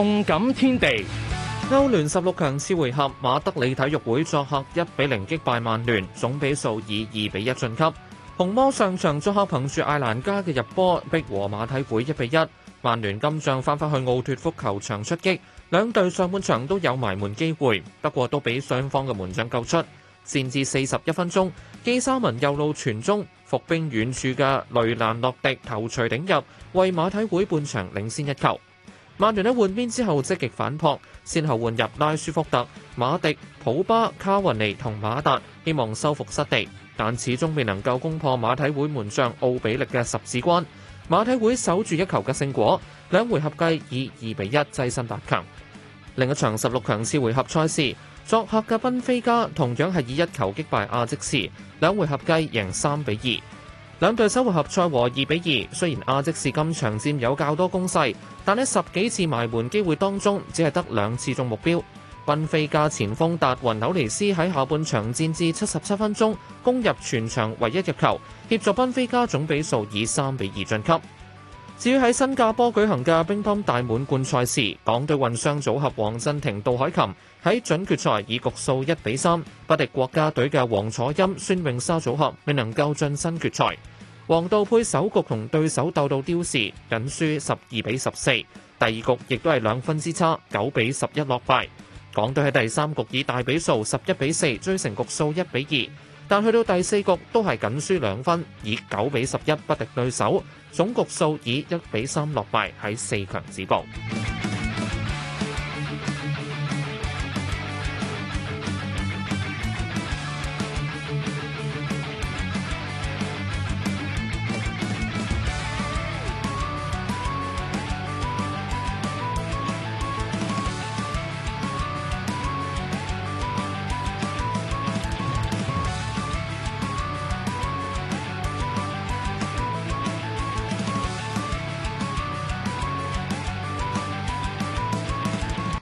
動感天地，歐聯十六強次回合，馬德里體育會作客一比零擊敗曼聯，總比數以二比一晉級。紅魔上場作客憑住艾蘭加嘅入波，逼和馬體會一比一。曼聯今仗翻返去奧脫福球場出擊，兩隊上半場都有埋門機會，不過都俾雙方嘅門將救出。戰至四十一分鐘，基沙文右路傳中，伏兵遠處嘅雷蘭洛迪頭鎚頂入，為馬體會半場領先一球。曼聯喺換邊之後積極反撲，先後換入拉舒福特、馬迪、普巴、卡雲尼同馬達，希望收復失地，但始終未能夠攻破馬體會門將奧比力嘅十指關。馬體會守住一球嘅勝果，兩回合計以二比一躋身八強。另一場十六強次回合賽事，作客嘅賓菲加同樣係以一球擊敗阿積士，兩回合計贏三比二。兩隊首回合賽和二比二。雖然阿積士今場佔有較多攻勢，但喺十幾次埋門機會當中，只係得兩次中目標。賓菲加前鋒達雲紐尼斯喺下半場戰至七十七分鐘攻入全場唯一入球，協助賓菲加總比數以三比二晉級。至於喺新加坡舉行嘅乒乓大滿貫賽事，港隊混雙組合黃振廷杜海琴喺準決賽以局數一比三不敵國家隊嘅王楚欽孫穎莎組合，未能夠晉身決賽。黃道佩首局同對手鬥到刁時，僅輸十二比十四，第二局亦都係兩分之差，九比十一落敗。港隊喺第三局以大比數十一比四追成局數一比二。但去到第四局都係僅輸兩分，以九比十一不敵對手，總局數以一比三落敗，喺四強止步。